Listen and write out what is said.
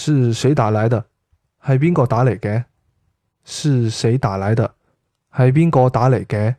是誰打來的？係邊個打嚟嘅？是誰打來的？係邊個打嚟嘅？